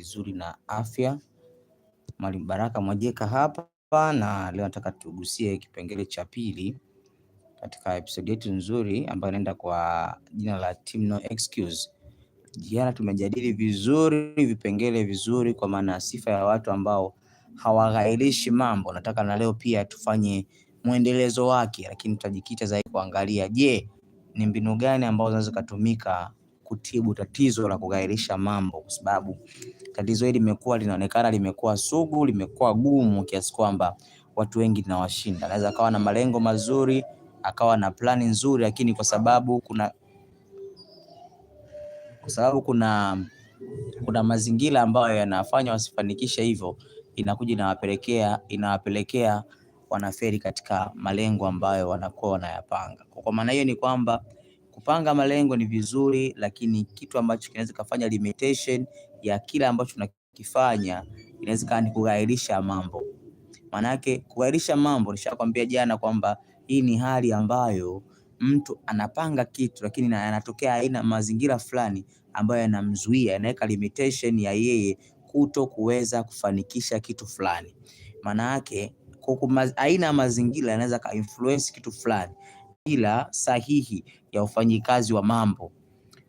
vizuri na afya. Mwalimu Baraka Mwajeka hapa, na leo nataka tugusie kipengele cha pili katika episodi yetu nzuri ambayo inaenda kwa jina la Team No Excuse. Jana tumejadili vizuri vipengele vizuri, kwa maana sifa ya watu ambao hawaghairishi mambo. Nataka na leo pia tufanye mwendelezo wake, lakini tutajikita zaidi kuangalia, je, ni mbinu gani ambazo zinaweza kutumika kutibu tatizo la kugairisha mambo, kwa sababu tatizo hili limekuwa linaonekana limekuwa sugu, limekuwa gumu kiasi kwamba watu wengi linawashinda. Anaweza akawa na malengo mazuri, akawa na plani nzuri, lakini kwa sababu kuna kwa sababu kuna kuna mazingira ambayo yanafanya wasifanikishe hivyo, inakuja inawapelekea inawapelekea wanaferi katika malengo ambayo wanakuwa wanayapanga. Kwa maana hiyo ni kwamba Kupanga malengo ni vizuri, lakini kitu ambacho kinaweza kufanya limitation ya kile ambacho tunakifanya inaweza kuwa ni kughairisha mambo. Manake kughairisha mambo, nishakwambia jana kwamba hii ni hali ambayo mtu anapanga kitu lakini na anatokea aina mazingira fulani ambayo yanamzuia, yanaweka limitation ya yeye kuto kuweza kufanikisha kitu fulani. Maana yake aina ya mazingira yanaweza ka influence kitu fulani mazingira sahihi ya ufanyikazi wa mambo.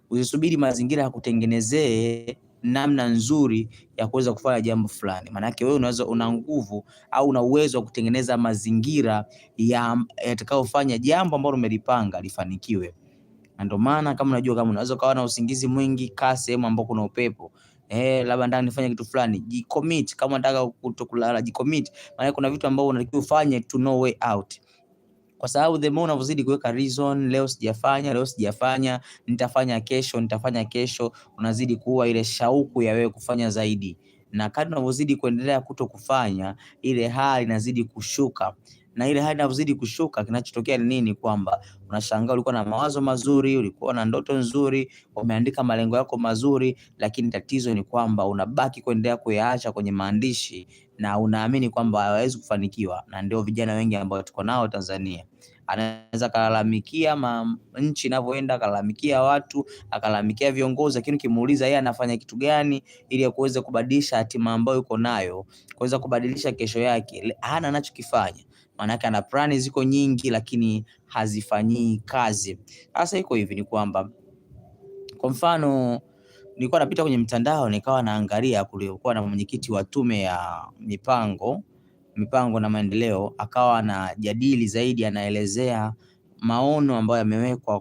Usisubiri mazingira yakutengenezee namna nzuri ya kuweza kufanya jambo fulani, maanake wewe unaweza, una nguvu au una uwezo wa kutengeneza mazingira yatakayofanya jambo ambalo umelipanga lifanikiwe. Na ndio maana kama unajua kama unaweza ukawa na usingizi mwingi, kaa sehemu ambao kuna upepo eh, labda ndani nifanye kitu fulani, jikomit. Kama unataka kutokulala, jikomit, maana kuna vitu ambavyo unatakiwa ufanye to no way out kwa sababu the more unavyozidi kuweka reason, leo sijafanya, leo sijafanya, nitafanya kesho, nitafanya kesho, unazidi kuwa ile shauku ya wewe kufanya zaidi, na kadri unavyozidi kuendelea kuto kufanya, ile hali inazidi kushuka na ile hali inavyozidi kushuka, kinachotokea ni nini? Kwamba unashangaa ulikuwa na mawazo mazuri, ulikuwa na ndoto nzuri, umeandika malengo yako mazuri, lakini tatizo ni kwamba unabaki kuendelea kuyaacha kwenye maandishi na unaamini kwamba hawezi kufanikiwa. Na ndio vijana wengi ambao tuko nao Tanzania, anaweza kalalamikia nchi inavyoenda, akalalamikia watu, akalalamikia viongozi, lakini ukimuuliza yeye anafanya kitu gani ili kuweza kubadilisha hatima ambayo yuko nayo, kuweza kubadilisha kesho yake, hana anachokifanya maanake ana plani ziko nyingi, lakini hazifanyii kazi. Sasa iko hivi ni kwamba, kwa mfano nilikuwa napita kwenye mtandao nikawa naangalia, kulikuwa na mwenyekiti wa tume ya mipango mipango na maendeleo, akawa anajadili zaidi, anaelezea maono ambayo yamewekwa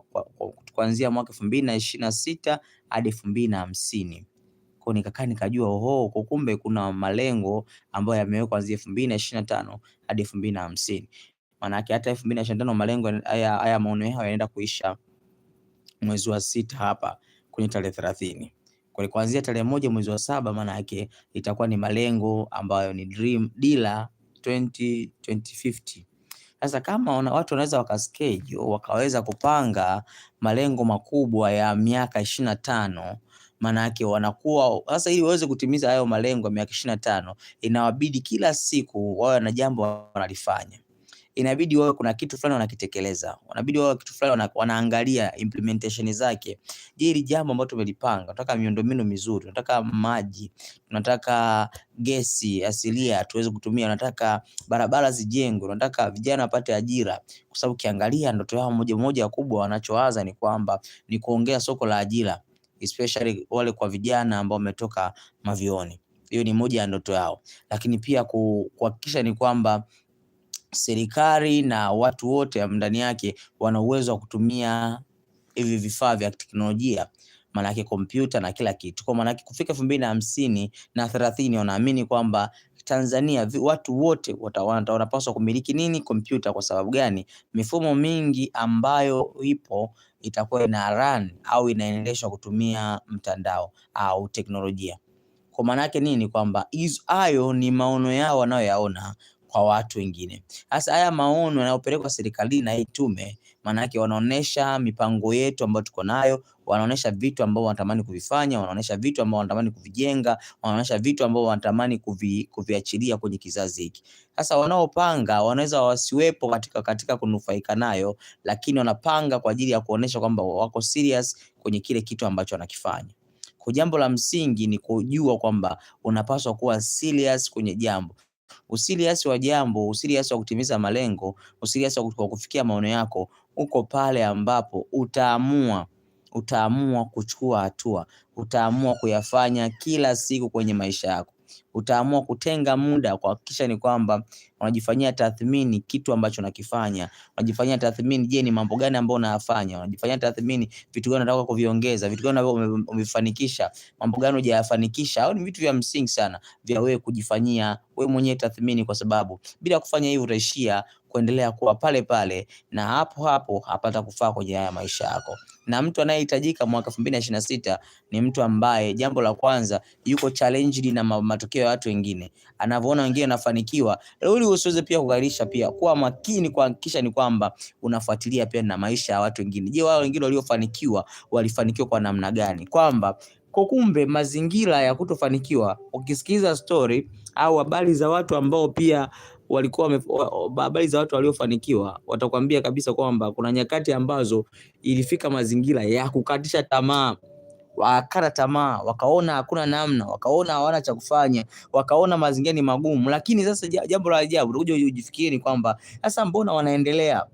kuanzia mwaka elfu mbili na ishirini na sita hadi elfu mbili na hamsini kwa nikakaa nikajua, oho, kumbe kuna malengo ambayo yamewekwa kuanzia elfu mbili na ishirini na tano hadi elfu mbili na hamsini Maanake hata elfu mbili na ishirini na tano malengo haya haya maono yao yanaenda kuisha mwezi wa sita hapa kwenye tarehe thelathini kwa kuanzia tarehe moja mwezi wa saba, maana yake itakuwa ni malengo ambayo ni Dream Dealer 20, 2050. Sasa kama ona, watu wanaweza wakaschedule wakaweza kupanga malengo makubwa ya miaka ishirini na tano maana yake wanakuwa sasa, ili waweze kutimiza hayo malengo ya miaka ishirini na tano inawabidi kila siku wawe na jambo wanalifanya inabidi wawe kuna kitu fulani wanakitekeleza, wanabidi wawe kitu fulani wanaangalia implementation zake. Je, hili jambo ambalo tumelipanga, tunataka miundombinu mizuri, tunataka maji, tunataka gesi asilia tuweze kutumia, tunataka barabara zijengwe, tunataka vijana wapate ajira, kwa sababu ukiangalia ndoto yao moja moja kubwa wanachowaza ni kwamba ni kuongea soko la ajira especially wale kwa vijana ambao wametoka mavioni. Hiyo ni moja ya ndoto yao, lakini pia kuhakikisha ni kwamba serikali na watu wote ndani yake wana uwezo wa kutumia hivi vifaa vya teknolojia maanake kompyuta na kila kitu. Kwa maanake kufika elfu mbili na hamsini na thelathini wanaamini kwamba Tanzania watu wote wanapaswa kumiliki nini? Kompyuta. Kwa sababu gani? Mifumo mingi ambayo ipo itakuwa ina run au inaendeshwa kutumia mtandao au teknolojia. Kwa maana yake nini? Kwamba hayo ni maono yao wanayoyaona kwa watu wengine. Sasa haya maono yanayopelekwa serikalini na hii tume yake wanaonesha mipango yetu ambayo tuko nayo, wanaonesha vitu ambao wanatamani kuvifanya, wanaonesha vitu ambao wanatamani kuvijenga, wanaonesha vitu ambao wanatamani kuvi, kuviachilia kwenye kizazi hiki. Sasa wanaopanga wanaweza wasiwepo katika, katika kunufaika nayo, lakini wanapanga kwa ajili ya kuonesha kwamba wako serious kwenye kile kitu ambacho wanakifanya. Kwa jambo la msingi ni kujua kwamba unapaswa kuwa serious kwenye jambo usiliasi wa jambo, usiliasi wa kutimiza malengo, usiliasi wa kufikia maono yako uko pale ambapo utaamua utaamua kuchukua hatua, utaamua kuyafanya kila siku kwenye maisha yako utaamua kutenga muda kuhakikisha ni kwamba unajifanyia tathmini kitu ambacho unakifanya, unajifanyia tathmini, je, ni mambo gani ambayo unayafanya, unajifanyia tathmini vitu gani unataka kuviongeza, vitu gani ambavyo umefanikisha, mambo gani hujayafanikisha, au ni vitu vya msingi sana vya wewe kujifanyia wewe mwenyewe tathmini, kwa sababu bila kufanya hivyo utaishia kuendelea kuwa pale pale na hapo hapo hapata kufaa kwenye haya maisha yako. Na mtu anayehitajika mwaka 2026 ni mtu ambaye jambo la kwanza yuko challenged na matokeo matokeo ya watu wengine, anavyoona wengine wanafanikiwa, ili usiweze pia kugairisha, pia kuwa makini kuhakikisha ni kwamba unafuatilia pia na maisha ya watu wengine. Je, wao wengine waliofanikiwa walifanikiwa kwa namna gani? Kwamba kumbe mazingira ya kutofanikiwa, ukisikiliza story au habari za watu ambao pia walikuwa habari za watu waliofanikiwa, watakwambia kabisa kwamba kuna nyakati ambazo ilifika mazingira ya kukatisha tamaa wakata tamaa, wakaona hakuna namna, wakaona hawana cha kufanya, wakaona mazingira ni magumu. Lakini sasa jambo la ajabu unakuja ujifikirie ni kwamba sasa, mbona wanaendelea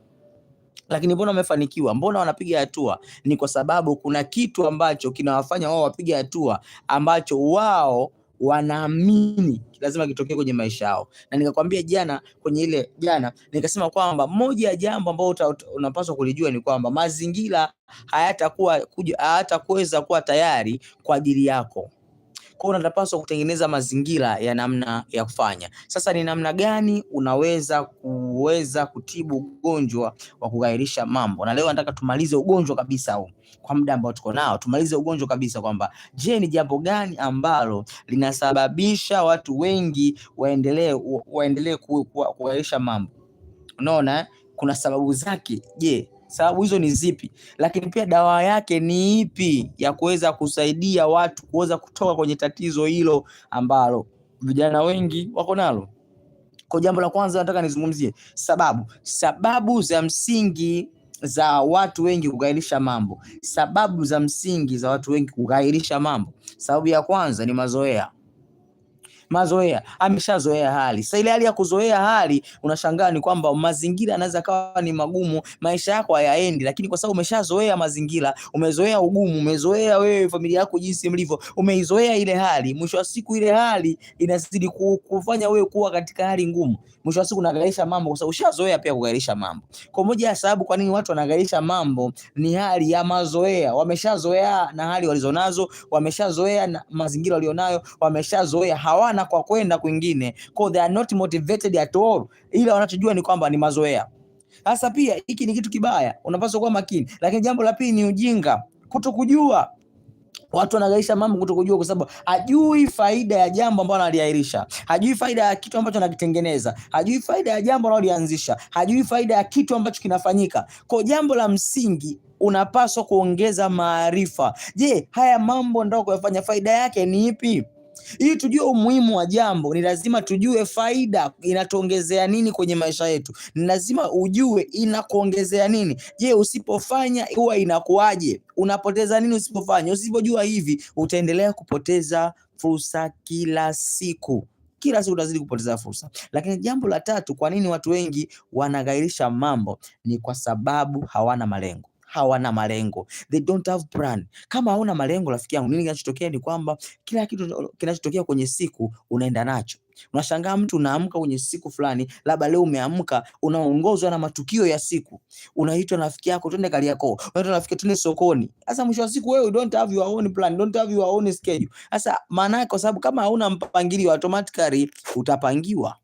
lakini mbona wamefanikiwa, mbona wanapiga hatua? Ni kwa sababu kuna kitu ambacho kinawafanya wao wapige hatua ambacho wao wanaamini lazima kitokee kwenye maisha yao, na nikakwambia jana kwenye ile jana nikasema kwamba moja ya jambo ambalo unapaswa kulijua ni kwamba mazingira hayatakuwa hayatakuweza kuwa tayari kwa ajili yako. Kwa hiyo unapaswa kutengeneza mazingira ya namna ya kufanya. Sasa ni namna gani unaweza kuweza kutibu ugonjwa wa kugairisha mambo, na leo nataka tumalize ugonjwa kabisa huu kwa muda ambao tuko nao, tumalize ugonjwa kabisa, kwamba je, ni jambo gani ambalo linasababisha watu wengi waendelee waendelee kugairisha mambo? Unaona kuna sababu zake. Je, sababu hizo ni zipi, lakini pia dawa yake ni ipi ya kuweza kusaidia watu kuweza kutoka kwenye tatizo hilo ambalo vijana wengi wako nalo. Kwa jambo la kwanza nataka nizungumzie sababu, sababu za msingi za watu wengi kughairisha mambo, sababu za msingi za watu wengi kughairisha mambo. Sababu ya kwanza ni mazoea mazoea, ameshazoea hali. Sasa ile hali ya kuzoea hali, unashangaa ni kwamba mazingira yanaweza kawa ni magumu, maisha yako hayaendi, lakini kwa sababu umeshazoea mazingira, umezoea ugumu, umezoea wewe familia yako jinsi mlivyo, umeizoea ile hali, mwisho wa siku ile hali inazidi kufanya wewe kuwa katika hali ngumu mwisho wa siku unagairisha mambo, kwa sababu ushazoea pia kugairisha mambo. Kwa moja ya sababu kwa nini watu wanagairisha mambo ni hali ya mazoea, wameshazoea na hali walizonazo, wameshazoea na mazingira walionayo, wameshazoea, hawana kwa kwenda kwingine, so they are not motivated at all, ila wanachojua ni kwamba ni mazoea. Sasa pia hiki ni kitu kibaya, unapaswa kuwa makini. Lakini jambo la pili ni ujinga, kutokujua Watu wanagairisha mambo kutokujua, kwa sababu hajui faida ya jambo ambalo analiahirisha, hajui faida ya kitu ambacho anakitengeneza, hajui faida ya jambo analolianzisha, hajui faida ya kitu ambacho kinafanyika. Kwa jambo la msingi unapaswa kuongeza maarifa. Je, haya mambo ndao kuyafanya, faida yake ni ipi? Ili tujue umuhimu wa jambo, ni lazima tujue faida inatuongezea nini kwenye maisha yetu. Ni lazima ujue inakuongezea nini. Je, usipofanya huwa inakuwaje? Unapoteza nini usipofanya? Usipojua hivi, utaendelea kupoteza fursa kila siku kila siku utazidi kupoteza fursa. Lakini jambo la tatu, kwa nini watu wengi wanagairisha mambo? Ni kwa sababu hawana malengo hawana malengo, they don't have plan. Kama hauna malengo, rafiki yangu, nini kinachotokea ni kwamba kila kitu kinachotokea kwenye siku unaenda nacho. Unashangaa mtu unaamka kwenye siku fulani, labda leo umeamka unaongozwa na matukio ya siku, unaitwa na rafiki yako, twende Kariakoo, unaitwa rafiki, twende sokoni. Sasa mwisho wa siku wewe don't have your own plan, don't have your own schedule. Sasa maana yake, kwa sababu kama hauna mpangilio, automatically utapangiwa.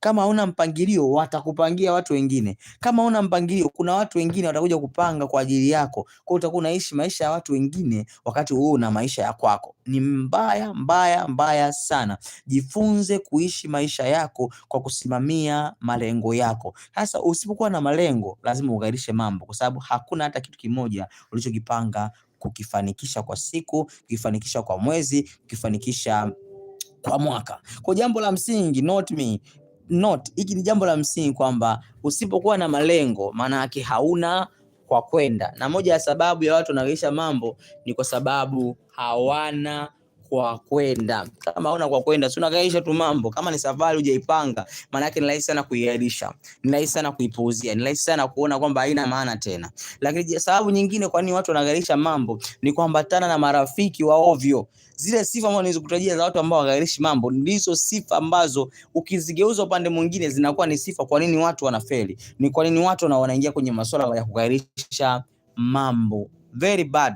Kama hauna mpangilio, watakupangia watu wengine. Kama hauna mpangilio, kuna watu wengine watakuja kupanga kwa ajili yako. Kwa hiyo utakuwa unaishi maisha ya watu wengine wakati wewe una maisha ya kwako. Ni mbaya mbaya mbaya sana. Jifunze kuishi maisha yako kwa kusimamia malengo yako. Sasa usipokuwa na malengo, lazima ugairishe mambo, kwa sababu hakuna hata kitu kimoja ulichokipanga kukifanikisha kwa siku, kukifanikisha kwa mwezi, kukifanikisha kwa mwaka. Kwa jambo la msingi, not me note, hiki ni jambo la msingi kwamba usipokuwa na malengo maana yake hauna kwa kwenda, na moja ya sababu ya watu wanaoisha mambo ni kwa sababu hawana kwa kwenda. Kama hauna kwa kwenda, si unagaisha tu mambo. Kama ni safari hujaipanga, maana yake ni rahisi sana kuiahirisha, ni rahisi sana kuipuuzia, ni rahisi sana kuona kwamba haina maana tena. Lakini sababu nyingine kwa nini watu wanagaisha mambo ni kuambatana na marafiki wa ovyo. Zile sifa ambazo nilizokutajia za watu ambao waghairishi mambo ndizo sifa ambazo ukizigeuza upande mwingine zinakuwa ni sifa. Kwa nini watu wanafeli? Ni kwa nini watu wanaingia kwenye masuala ya kughairisha mambo? Very bad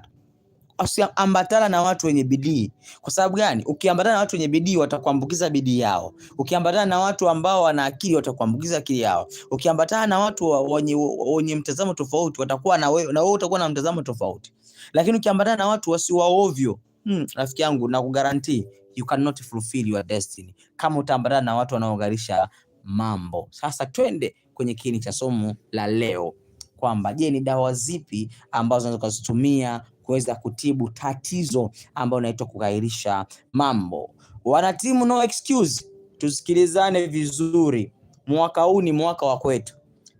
usiambatana na watu wenye bidii. Kwa sababu gani? Ukiambatana na watu wenye bidii watakuambukiza bidii yao. Ukiambatana na watu ambao wana akili watakuambukiza akili yao. Ukiambatana na watu wenye wenye mtazamo tofauti watakuwa na wewe na wewe utakuwa na mtazamo tofauti. Lakini ukiambatana na watu ovyo, hmm, rafiki yangu na kugarantii you cannot fulfill your destiny kama utaambatana na watu wanaogarisha mambo. Sasa twende kwenye kiini cha somo la leo kwamba je, ni dawa zipi ambazo unaweza kuzitumia kuweza kutibu tatizo ambayo inaitwa kughairisha mambo. Wanatimu no excuse, tusikilizane vizuri. Mwaka huu ni mwaka wa kwetu,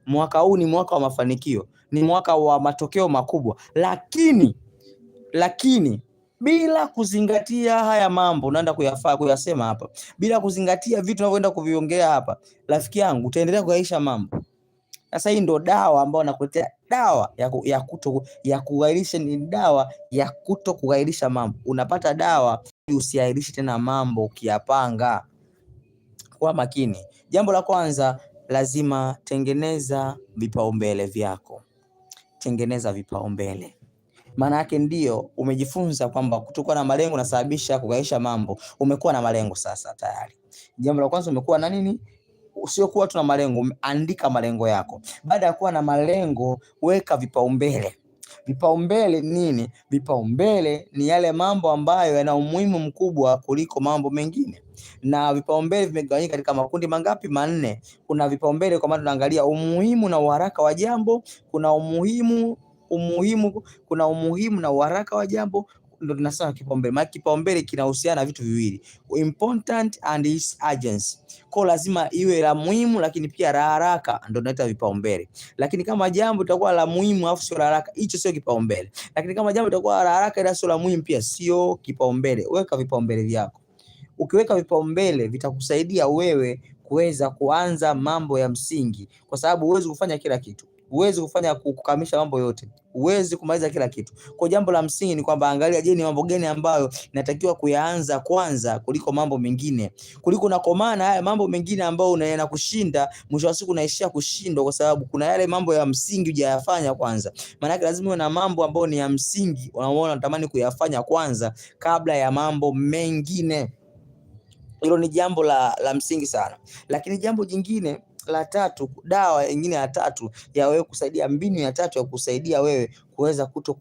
mwaka huu ni mwaka wa mafanikio, ni mwaka wa matokeo makubwa, lakini lakini bila kuzingatia haya mambo unaenda kuyafaa kuyasema hapa, bila kuzingatia vitu unavyoenda kuviongea hapa, rafiki yangu, utaendelea kughairisha mambo. Sasa hii ndo dawa ambayo nakuletea dawa ya, ku, ya, kuto, ya kughairisha. Ni dawa ya kuto kughairisha mambo. Unapata dawa usiairishi tena mambo ukiyapanga kwa makini. Jambo la kwanza, lazima tengeneza vipaumbele vyako. Tengeneza vipaumbele maana yake ndio umejifunza kwamba kutokuwa na malengo nasababisha kughairisha mambo. Umekuwa na malengo sasa tayari. Jambo la kwanza umekuwa na nini? sio kuwa tuna malengo, andika malengo yako. Baada ya kuwa na malengo, weka vipaumbele. Vipaumbele nini? Vipaumbele ni yale mambo ambayo yana umuhimu mkubwa kuliko mambo mengine, na vipaumbele vimegawanyika katika makundi mangapi? Manne. Kuna vipaumbele kwa maana tunaangalia umuhimu na uharaka wa jambo, kuna umuhimu umuhimu kuna umuhimu na uharaka wa jambo, ndo tunasema kipaumbele, maana kipaumbele kinahusiana na vitu viwili, important and its urgency. Kwa lazima iwe la muhimu, lakini pia la haraka, ndo tunaita vipaumbele. Lakini kama jambo litakuwa la muhimu afu sio la haraka, hicho sio kipaumbele. Lakini kama jambo litakuwa la haraka ila sio la muhimu, pia sio kipaumbele. Weka vipaumbele vyako. Ukiweka vipaumbele vitakusaidia wewe kuweza kuanza mambo ya msingi, kwa sababu huwezi kufanya kila kitu huwezi kufanya kukamisha mambo yote, huwezi kumaliza kila kitu. Kwa jambo la msingi ni kwamba angalia, je, ni mambo gani ambayo natakiwa kuyaanza kwanza kuliko mambo mengine, kuliko unakomana haya mambo mengine ambayo kushinda, mwisho wa siku unaishia kushindwa, kwa sababu kuna yale mambo ya msingi hujayafanya kwanza. Maana lazima uwe na mambo ambayo ni ya msingi, unaona, unatamani kuyafanya kwanza kabla ya mambo mengine. Hilo ni jambo la, la msingi sana, lakini jambo jingine la tatu, dawa nyingine ya tatu ya wewe kusaidia, mbinu ya tatu ya kusaidia wewe kuweza kuto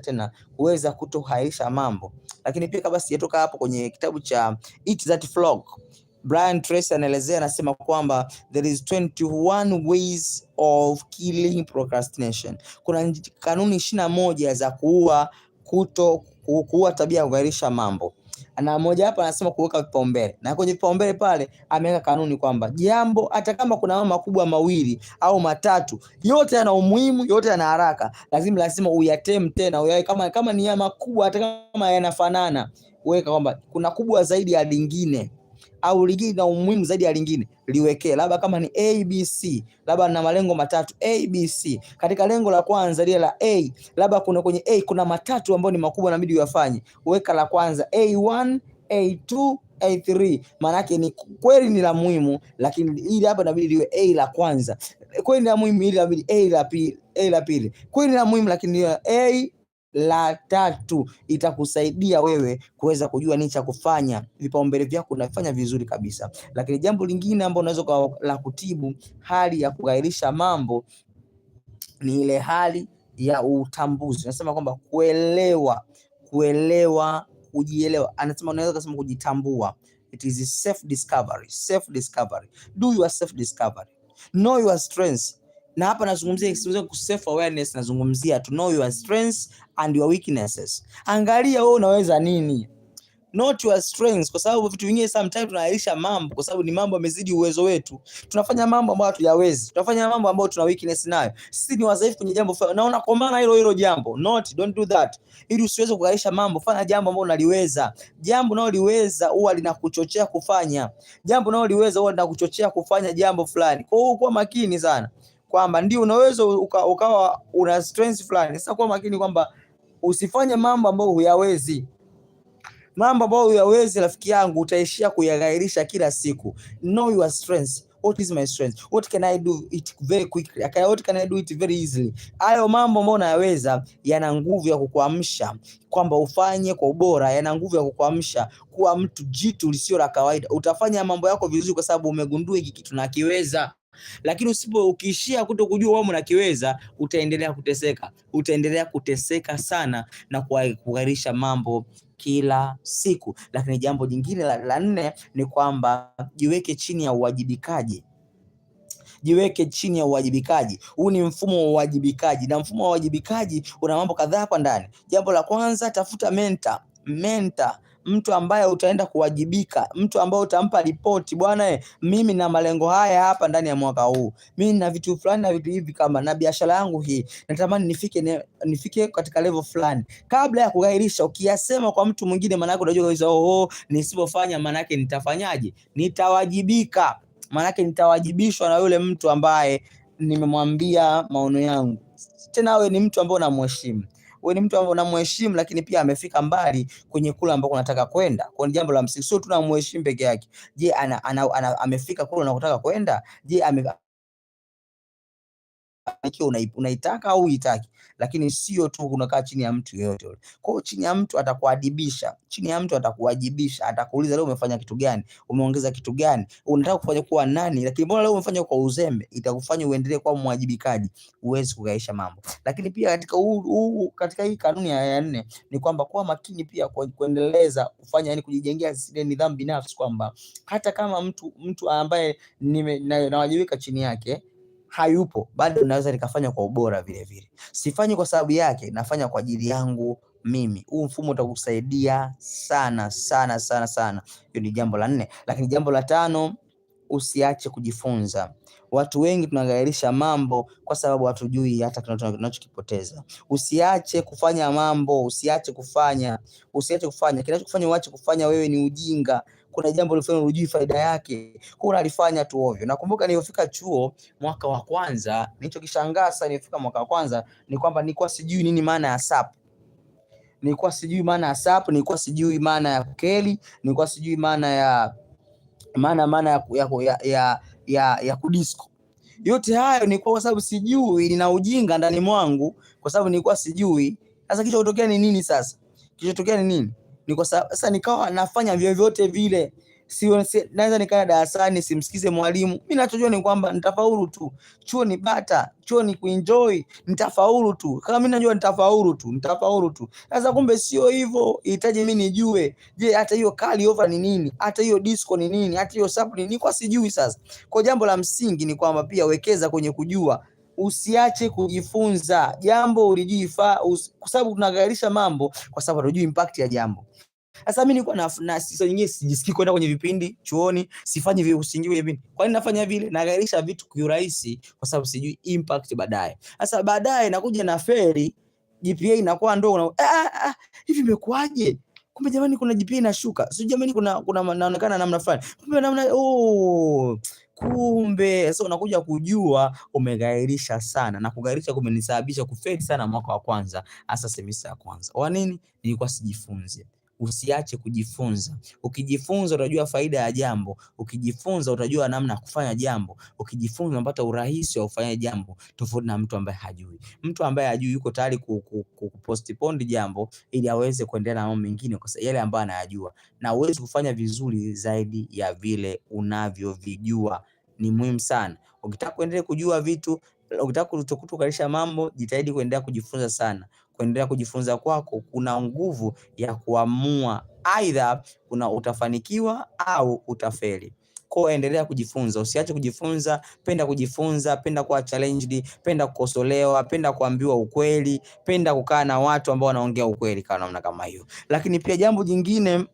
tena, kuweza kutoahirisha mambo. Lakini pia kabla sijatoka hapo, kwenye kitabu cha Eat That Frog Brian Tracy anaelezea anasema kwamba there is 21 ways of killing procrastination. Kuna kanuni ishirini na moja za kuua kuto kuua tabia ya kuahirisha mambo na moja hapa anasema kuweka vipaumbele, na kwenye vipaumbele pale ameweka kanuni kwamba jambo hata kama kuna mambo makubwa mawili au matatu, yote yana umuhimu, yote yana haraka, lazima lazima uyatem tena uyae, kama, kama ni makubwa, hata kama yanafanana, uweka kwamba kuna kubwa zaidi ya lingine au ligi na umuhimu zaidi ya lingine liwekee, labda kama ni ABC, labda na malengo matatu ABC. Katika lengo la kwanza lile la A, labda kuna kwenye A kuna matatu ambayo ni makubwa, inabidi uyafanye. Weka la kwanza A1, A2 A3 maanake ni kweli ni la muhimu, lakini ili hapa inabidi liwe A la kwanza. Kweli ni la muhimu, ili inabidi A la pili, A la pili. Kweli ni la muhimu, lakini A la tatu itakusaidia wewe kuweza kujua nini cha kufanya, vipaumbele vyako unafanya vizuri kabisa. Lakini jambo lingine ambalo unaweza la kutibu hali ya kughairisha mambo ni ile hali ya utambuzi. Nasema kwamba kuelewa, kuelewa, kujielewa. Anasema unaweza kusema kujitambua, it is self discovery, self discovery, do your self discovery, know your strengths na hapa nazungumzia self awareness, nazungumzia to know your strengths and your weaknesses. Angalia wewe unaweza nini, not your strengths, kwa sababu vitu vingine sometimes tunaahirisha mambo kwa sababu ni mambo yamezidi uwezo wetu. Tunafanya mambo ambayo hatuyawezi, tunafanya mambo ambayo tuna weakness nayo. Sisi ni wadhaifu kwenye jambo fulani, Naona kwa maana hilo hilo jambo, not don't do that, ili usiweze kuahirisha mambo. Fanya jambo ambalo unaliweza. Jambo unaloliweza huwa linakuchochea kufanya jambo, unaloliweza huwa linakuchochea kufanya jambo fulani. Kwa hiyo kuwa makini sana kwamba ndio unaweza uka, ukawa una strength fulani. Sasa kuwa makini kwamba usifanye mambo ambayo huyawezi. Mambo ambayo huyawezi, rafiki yangu, utaishia kuyaghairisha kila siku. Know your strength. What is my strength? What can I do it very quickly? What can I do it very easily? Hayo mambo ambayo unayaweza yana nguvu ya kukuamsha kwamba ufanye kwa ubora, yana nguvu ya kukuamsha kuwa mtu jitu lisio la kawaida. Utafanya mambo yako vizuri kwa sababu umegundua hiki kitu na kiweza lakini usipo ukiishia kuto kujua wao mnakiweza, utaendelea kuteseka, utaendelea kuteseka sana na kugarisha mambo kila siku. Lakini jambo jingine la, la nne ni kwamba jiweke chini ya uwajibikaji jiweke chini ya uwajibikaji. Huu ni mfumo wa uwajibikaji, na mfumo wa uwajibikaji una mambo kadhaa hapa ndani. Jambo la kwanza, tafuta mentor. menta mtu ambaye utaenda kuwajibika, mtu ambaye utampa ripoti, bwana, mimi na malengo haya hapa ndani ya mwaka huu, mimi na vitu fulani na vitu hivi, kama na biashara yangu hii natamani nifike ne, nifike katika level fulani. Kabla ya kugairisha, ukiyasema kwa mtu mwingine, maana yake unajua kabisa, oh, oh nisipofanya maana yake nitafanyaje? Nitawajibika, maana yake nitawajibishwa na yule mtu ambaye nimemwambia maono yangu. Tena awe ni mtu ambaye unamheshimu wewe ni mtu ambaye unamheshimu, lakini pia amefika mbali kwenye kule ambako unataka kwenda. Kwa ni jambo la msingi, sio tu namheshimu peke yake. Je, ana, ana, ana, amefika kule unakotaka kwenda? Je, ame unaitaka au uitaki? lakini sio tu unakaa chini ya mtu yeyote yule. Kwa hiyo chini ya mtu atakuadibisha, chini ya mtu atakuwajibisha, atakuuliza leo umefanya kitu gani, umeongeza kitu gani, unataka kufanya kuwa nani, lakini mbona leo umefanya kwa uzembe. Itakufanya uendelee kuwa mwajibikaji, uwezi kugaisha mambo. Lakini pia katika huu, huu, katika hii kanuni ya nne ni kwamba kuwa makini pia kwa kuendeleza kufanya, yani kujijengea zile nidhamu binafsi, kwamba hata kama mtu mtu ambaye nawajibika na chini yake hayupo bado naweza nikafanya kwa ubora vile vile. Sifanyi kwa sababu yake, nafanya kwa ajili yangu mimi. Huu mfumo utakusaidia sana sana sana sana. Hiyo ni jambo la nne, lakini jambo la tano, usiache kujifunza. Watu wengi tunagairisha mambo kwa sababu hatujui hata tunachokipoteza. Usiache kufanya mambo, usiache kufanya, usiache kufanya. Kinachokufanya uache kufanya wewe ni ujinga kuna jambo ulifanya unajui faida yake, kuna unalifanya tu ovyo. Nakumbuka nilipofika chuo mwaka wa kwanza, nilichokishangaa sana nilifika mwaka wa kwanza ni kwamba nilikuwa sijui nini maana ya SAP nilikuwa sijui maana ya SAP, nilikuwa sijui maana ya keli, nilikuwa sijui maana ya maana maana ya ya, ya, ya, ya kudisco. Yote hayo ni kwa sababu sijui, nina ujinga ndani mwangu kwa sababu nilikuwa sijui. Sasa kilichotokea ni nini? Sasa kilichotokea ni nini? ni kwa sababu sasa nikawa nafanya vyovyote vile si, naweza nikaa darasani simsikize mwalimu. Mimi nachojua ni kwamba nitafaulu tu, chuo ni bata, chuo ni kuenjoy, nitafaulu tu. Kama mimi najua nitafaulu tu, nitafaulu tu. Sasa kumbe sio hivyo, ihitaji mimi nijue, je, hata hiyo kali over ni nini? Hata hiyo disco ni nini? Hata hiyo sub ni nini? Kwa sijui. Sasa kwa jambo la msingi ni kwamba pia wekeza kwenye kujua usiache kujifunza jambo ulijui, kwa sababu tunagairisha mambo kwa sababu hatujui impact ya jambo. Sasa mimi nilikuwa na na sisi nyingine sijisikii kwenda kwenye vipindi chuoni, sifanye vile usingi kwenye vipindi. Kwa nini nafanya vile? Nagairisha vitu kwa urahisi kwa sababu sijui impact baadaye. Sasa baadaye nakuja na feri, GPA inakuwa ndogo na ah, ah, ah, hivi imekuaje? kumbe jamani, kuna GPA inashuka, si jamani, kuna kuna naonekana namna fulani, kumbe namna oh, kumbe so unakuja kujua umegairisha sana, na kugairisha kumenisababisha kufeli sana mwaka wa kwanza, hasa semester ya kwanza. Kwa nini? Nilikuwa sijifunze usiache kujifunza. Ukijifunza utajua faida ya jambo, ukijifunza utajua namna ya kufanya jambo, ukijifunza unapata urahisi wa kufanya jambo, tofauti na mtu ambaye hajui. Mtu ambaye hajui yuko tayari kupostpone jambo ili aweze kuendelea na mambo mengine, kwa sababu yale ambayo anayajua, na uwezi kufanya vizuri zaidi ya vile unavyovijua. Ni muhimu sana ukitaka kuendelea kujua vitu, ukitaka kutokutukalisha mambo, jitahidi kuendelea kujifunza sana kuendelea kujifunza kwako kuna nguvu ya kuamua aidha kuna utafanikiwa au utafeli. ko endelea kujifunza, usiache kujifunza, penda kujifunza, penda kuwa challenged, penda kukosolewa, penda kuambiwa ukweli, penda kukaa na watu ambao wanaongea ukweli kwa namna kama hiyo. Lakini pia jambo jingine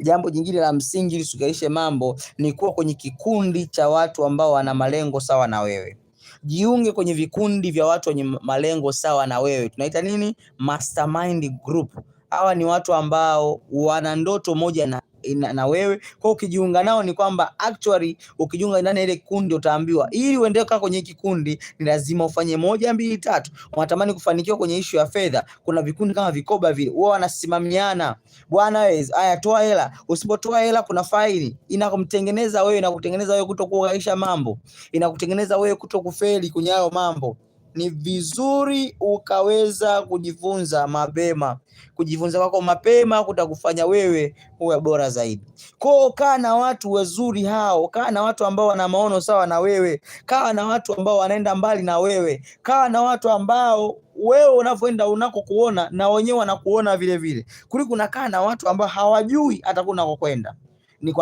jambo jingine la msingi ili mambo ni kuwa kwenye kikundi cha watu ambao wana malengo sawa na wewe jiunge kwenye vikundi vya watu wenye malengo sawa na wewe. Tunaita nini? Mastermind group. Hawa ni watu ambao wana ndoto moja na na, na wewe kwa ukijiunga nao ni kwamba actually ukijiunga ndani ile kundi utaambiwa, ili uendelee kukaa kwenye hiki kundi ni lazima ufanye moja mbili tatu. Unatamani kufanikiwa kwenye ishu ya fedha, kuna vikundi kama vikoba vile, wao wanasimamiana, bwana wewe, haya toa hela, usipotoa hela kuna faini. Inakumtengeneza wewe na kutengeneza wewe kutokuaisha mambo, inakutengeneza wewe kutokufeli kwenye hayo mambo ni vizuri ukaweza kujifunza mapema. Kujifunza kwako mapema kutakufanya wewe uwe bora zaidi. Kwao kaa na watu wazuri hao, kaa na watu ambao wana maono sawa na wewe, kaa na watu ambao wanaenda mbali na wewe, kaa na watu ambao wewe unavyoenda kuona na wenyewe wanakuona vile vile, kuliko unakaa na watu ambao hawajui hata unakokwenda. ni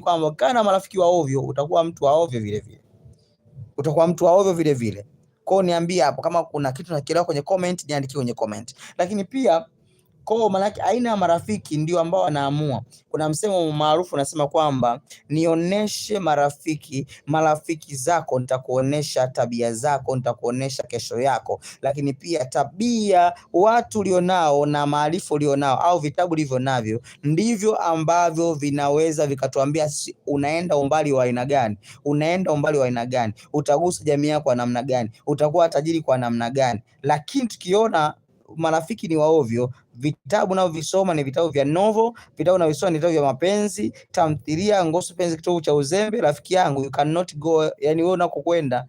kwamba kaa na marafiki wa ovyo, utakuwa mtu wa ovyo vile vile, utakuwa mtu wa ovyo vile vile. Kwao niambie hapo kama kuna kitu nakielewa kwenye comment, niandikie kwenye comment, lakini pia kwao, maanake aina ya marafiki ndio ambao wanaamua. Kuna msemo maarufu unasema kwamba nionyeshe marafiki, marafiki zako, nitakuonesha tabia zako, nitakuonesha kesho yako. Lakini pia tabia, watu ulionao na maarifa ulionao au vitabu ulivyo navyo ndivyo ambavyo vinaweza vikatuambia unaenda umbali wa aina gani, unaenda umbali wa aina gani, utagusa jamii yako kwa namna gani, utakuwa tajiri kwa namna gani. Lakini tukiona marafiki ni waovyo vitabu unavyovisoma visoma ni vitabu vya novo, vitabu nao visoma ni vitabu vya mapenzi, tamthilia, ngosu penzi, kitovu cha uzembe, rafiki yangu, you cannot go. Yani wewe unakokwenda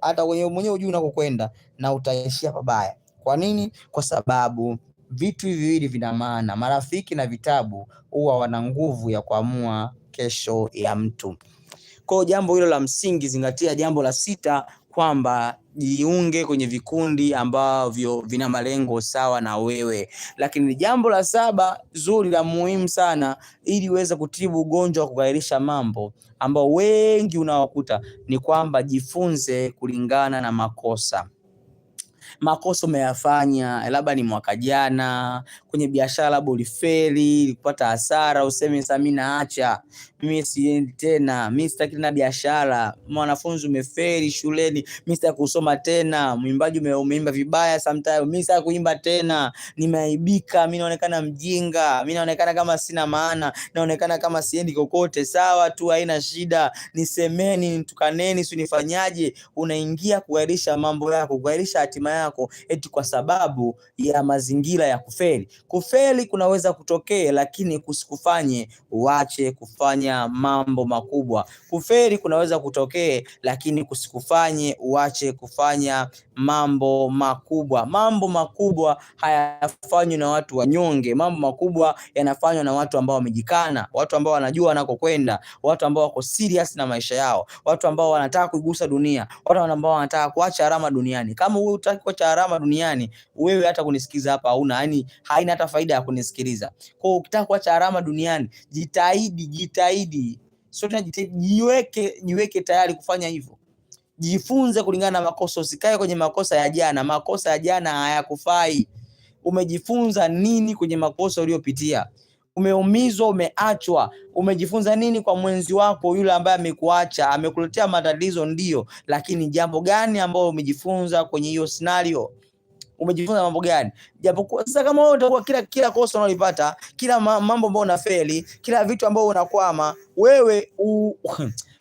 hata wewe mwenyewe unajua unakokwenda na utaishia pabaya. Kwa nini? Kwa sababu vitu hivi viwili vina maana. Marafiki na vitabu huwa wana nguvu ya kuamua kesho ya mtu. Kwa jambo hilo la msingi, zingatia jambo la sita kwamba jiunge kwenye vikundi ambavyo vina malengo sawa na wewe. Lakini jambo la saba zuri la muhimu sana, ili uweze kutibu ugonjwa wa kugairisha mambo ambao wengi unawakuta ni kwamba, jifunze kulingana na makosa makosa umeyafanya, labda ni mwaka jana kwenye biashara, labda ulifeli, ulipata hasara, useme sasa mimi naacha, mimi siendi tena, mimi sitaki na biashara. Mwanafunzi umefeli shuleni, mimi sitaki kusoma tena. Mwimbaji umeimba vibaya sometimes, mimi sitaki kuimba tena, nimeaibika, mimi naonekana mjinga, mimi naonekana kama sina maana, naonekana kama siendi kokote. Sawa tu, haina shida, nisemeni, nitukaneni, sinifanyaje? Unaingia kuahirisha mambo yako, kuahirisha hatima yako yako eti kwa sababu ya mazingira ya kufeli. Kufeli kunaweza kutokea, lakini kusikufanye uache kufanya mambo makubwa. Kufeli kunaweza kutokea, lakini kusikufanye uache kufanya mambo makubwa. Mambo makubwa hayafanywi na watu wanyonge. Mambo makubwa yanafanywa na watu ambao wamejikana, watu ambao wanajua wanakokwenda, watu ambao wako serious na maisha yao, watu ambao wanataka kuigusa dunia, watu ambao wanataka kuacha alama duniani. Kama wewe hutaki kuacha cha harama duniani, wewe hata kunisikiza hapa hauna, yani haina hata faida ya kunisikiliza. Kwa hiyo ukitaka kuacha harama duniani, jitahidi, jitahidi, sio tena jitahidi, jiweke, jiweke tayari kufanya hivyo. Jifunze kulingana na makosa, usikae kwenye makosa ya jana. Makosa ya jana hayakufai. Umejifunza nini kwenye makosa uliyopitia? umeumizwa, umeachwa, umejifunza nini kwa mwenzi wako yule ambaye amekuacha, amekuletea matatizo ndio, lakini jambo gani ambayo umejifunza kwenye hiyo scenario? Umejifunza mambo gani? Japokuwa sasa, kama wewe utakuwa kila kila kosa unalipata, kila mambo ambayo unafeli, kila vitu ambayo unakwama wewe u...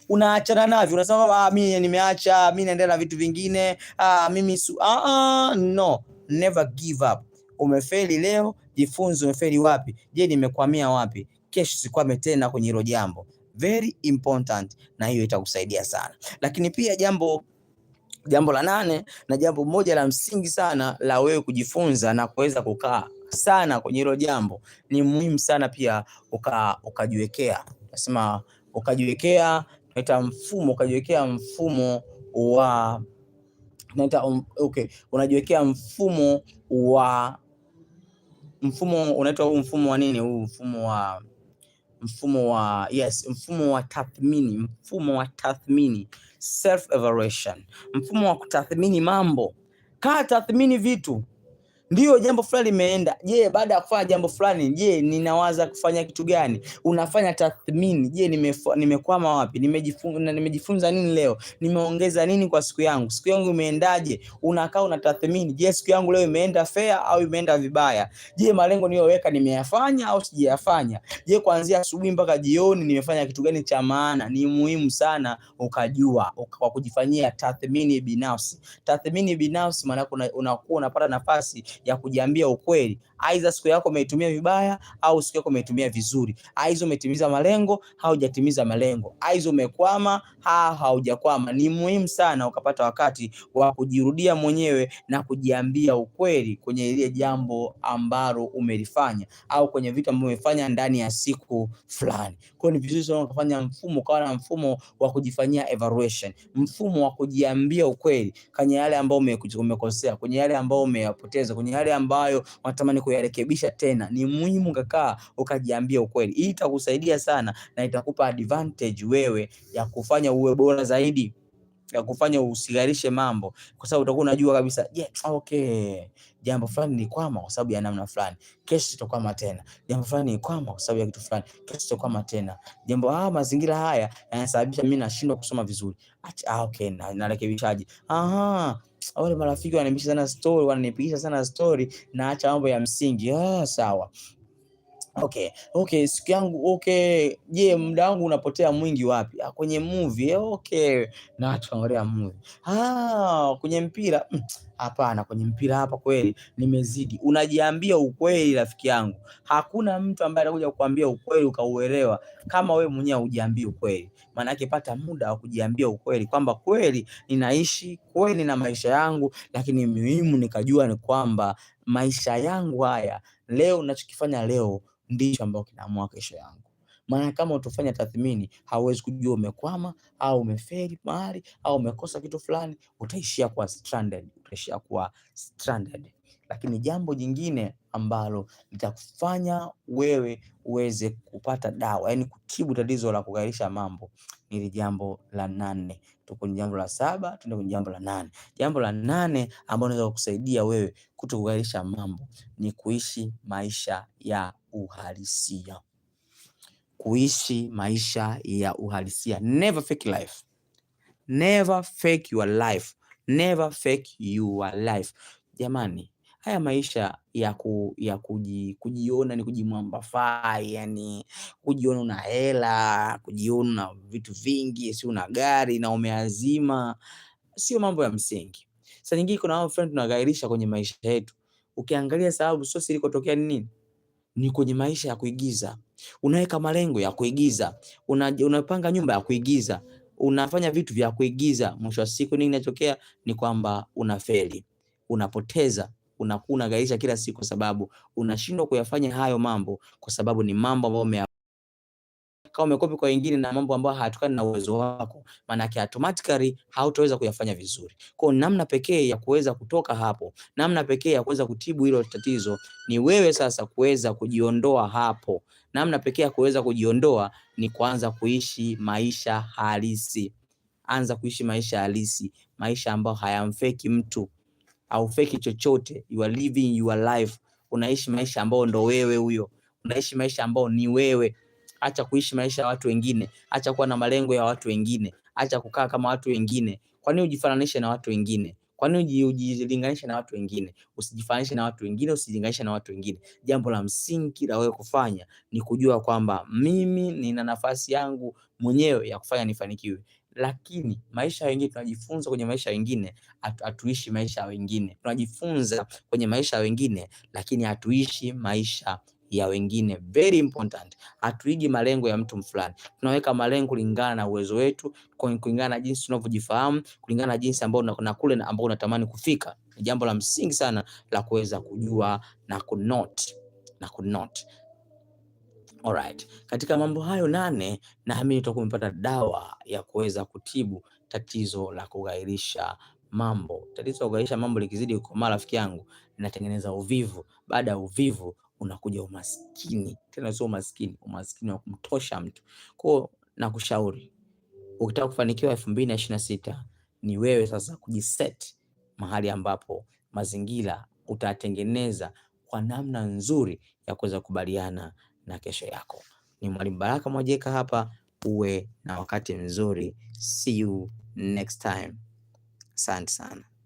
unaachana navyo, unasema ah, mimi nimeacha, mimi naendelea na vitu vingine, ah, mimi su... ah, ah no, never give up. Umefeli leo jifunze umefeli wapi. Je, nimekwamia wapi? Kesho sikwame tena kwenye hilo jambo, very important, na hiyo itakusaidia sana. Lakini pia jambo jambo la nane na jambo moja la msingi sana la wewe kujifunza na kuweza kukaa sana kwenye hilo jambo, ni muhimu sana pia uka ukajiwekea, nasema ukajiwekea, tunaita mfumo, ukajiwekea mfumo wa tunaita um, okay, unajiwekea mfumo wa mfumo unaitwa huu mfumo wa nini huu mfumo wa mfumo wa yes, mfumo wa tathmini, mfumo wa tathmini self evaluation, mfumo wa kutathmini mambo. Kaa tathmini vitu. Ndiyo, jambo fulani limeenda. Je, baada ya kufanya jambo fulani, je, ninawaza kufanya kitu gani? Unafanya tathmini. Je, nimekwama wapi? Nimejifunza, nimejifunza nini leo? Nimeongeza nini kwa siku yangu? Siku yangu imeendaje? Unakaa una tathmini. Je, siku yangu leo imeenda fair au imeenda vibaya? Je, malengo niliyoweka nimeyafanya au sijayafanya? Je, kuanzia asubuhi mpaka jioni nimefanya kitu gani cha maana? Ni muhimu sana ukajua kwa kujifanyia tathmini binafsi. Tathmini binafsi maana unakuwa unapata nafasi ya kujiambia ukweli aidha siku yako umeitumia vibaya au siku yako umeitumia vizuri, aidha umetimiza malengo haujatimiza malengo, aidha umekwama au haujakwama. Ni muhimu sana ukapata wakati wa kujirudia mwenyewe na kujiambia ukweli kwenye ile jambo ambalo umelifanya au kwenye vitu ambavyo umefanya ndani ya siku fulani. Kwa hiyo ni vizuri sana ukafanya mfumo, ukawa na mfumo wa kujifanyia evaluation, mfumo wa kujiambia ukweli kwenye yale ambayo umekosea, kwenye yale ambayo umeyapoteza, kwenye yale ambayo unatamani kuyarekebisha tena. Ni muhimu kakaa ukajiambia ukweli. Hii itakusaidia sana na itakupa advantage wewe ya kufanya uwe bora zaidi ya kufanya usigarishe mambo kwa sababu utakuwa unajua kabisa, yeah, okay, jambo fulani ni kwama kwa sababu ya namna fulani, kesho itakwama tena. Jambo fulani ni kwama kwa sababu ya kitu fulani, kesho itakwama tena. Jambo ah, mazingira haya yanasababisha mimi nashindwa kusoma vizuri. Acha, ah, okay, na narekebishaje? Aha, wale marafiki wananipisha sana story, wananipisha sana story, naacha mambo ya msingi. Ah, sawa. Okay, okay, siku yangu okay. Je, muda wangu unapotea mwingi wapi? Ah, kwenye movie. Okay, na tuangalia movie. Ah, kwenye mpira mm, hapana. kwenye mpira hapa kweli nimezidi. Unajiambia ukweli, rafiki yangu. Hakuna mtu ambaye anakuja kukuambia ukweli ukauelewa kama we mwenyewe hujiambii ukweli. Maanake pata muda wa kujiambia ukweli kwamba kweli ninaishi, kweli na maisha yangu, lakini muhimu nikajua ni kwamba maisha yangu haya leo, nachokifanya leo ndicho ambacho kinaamua kesho yangu. Maana kama utofanya tathmini, hauwezi kujua umekwama au umefeli mahali au umekosa kitu fulani, utaishia kuwa stranded, utaishia kuwa stranded. Lakini jambo jingine ambalo litakufanya wewe uweze kupata dawa, yani kutibu tatizo la kughairisha mambo, ni jambo la nane. Tuko kwenye jambo la saba, tuende kwenye jambo la nane. Jambo la nane ambalo linaweza kukusaidia wewe kutokughairisha mambo ni kuishi maisha ya uhalisia, kuishi maisha ya uhalisia. Never fake life, never fake your life, never fake your life. Jamani, haya maisha ya ku, ya kuji, kujiona ni kujimwambafai, yani kujiona una hela, kujiona una vitu vingi, si una gari na umeazima, sio mambo ya msingi. Saa nyingine kuna hao friend tunagairisha kwenye maisha yetu, ukiangalia sababu sio silikotokea nini ni kwenye maisha ya kuigiza. Unaweka malengo ya kuigiza, una, unapanga nyumba ya kuigiza, unafanya vitu vya kuigiza. Mwisho wa siku nini kinachotokea? Ni kwamba unafeli, unapoteza unakuwa unagaisha kila siku, kwa sababu unashindwa kuyafanya hayo mambo, kwa sababu ni mambo ambayo kama umekopi kwa wengine na mambo ambayo hayatokani na uwezo wako, maana yake automatically hautaweza kuyafanya vizuri. Kwa namna pekee ya kuweza kutoka hapo, namna pekee ya kuweza kutibu hilo tatizo ni wewe sasa kuweza kujiondoa hapo. Namna pekee ya kuweza kujiondoa ni kuanza kuishi maisha halisi. Anza kuishi maisha halisi, maisha ambayo hayamfeki mtu au feki chochote. You are living your life, unaishi maisha ambayo ndo wewe huyo, unaishi maisha ambayo ni wewe acha kuishi maisha ya watu wengine, acha kuwa na malengo ya watu wengine, acha kukaa kama watu wengine. Kwa nini ujifananishe na watu wengine? Kwa nini ujilinganishe na watu wengine? Usijifananishe na watu wengine, usijilinganishe na watu wengine. Jambo la msingi la wewe kufanya ni kujua kwamba mimi nina nafasi yangu mwenyewe ya kufanya nifanikiwe. Lakini maisha ya wengine, tunajifunza kwenye maisha wengine, hatuishi maisha wengine. Tunajifunza kwenye maisha wengine, lakini hatuishi maisha ya wengine, very important. Hatuigi malengo ya mtu fulani, tunaweka malengo kulingana na uwezo wetu, kulingana na jinsi tunavyojifahamu, kulingana na jinsi ambao na kule ambao unatamani kufika. Ni jambo la msingi sana la kuweza kujua na kunoti na kunoti. Alright. Katika mambo hayo nane naamini utakuwa umepata dawa ya kuweza kutibu tatizo la kughairisha mambo. Tatizo la kughairisha mambo likizidi kukomaa, rafiki yangu, linatengeneza uvivu. Baada ya uvivu unakuja umaskini, tena sio umaskini, umaskini wa kumtosha mtu. Kwao nakushauri ukitaka kufanikiwa elfu mbili na ishirini na sita ni wewe sasa kujiset mahali ambapo mazingira utatengeneza kwa namna nzuri ya kuweza kukubaliana na kesho yako. Ni Mwalimu Baraka Mwajeka hapa, uwe na wakati mzuri. See you next time. Asante sana.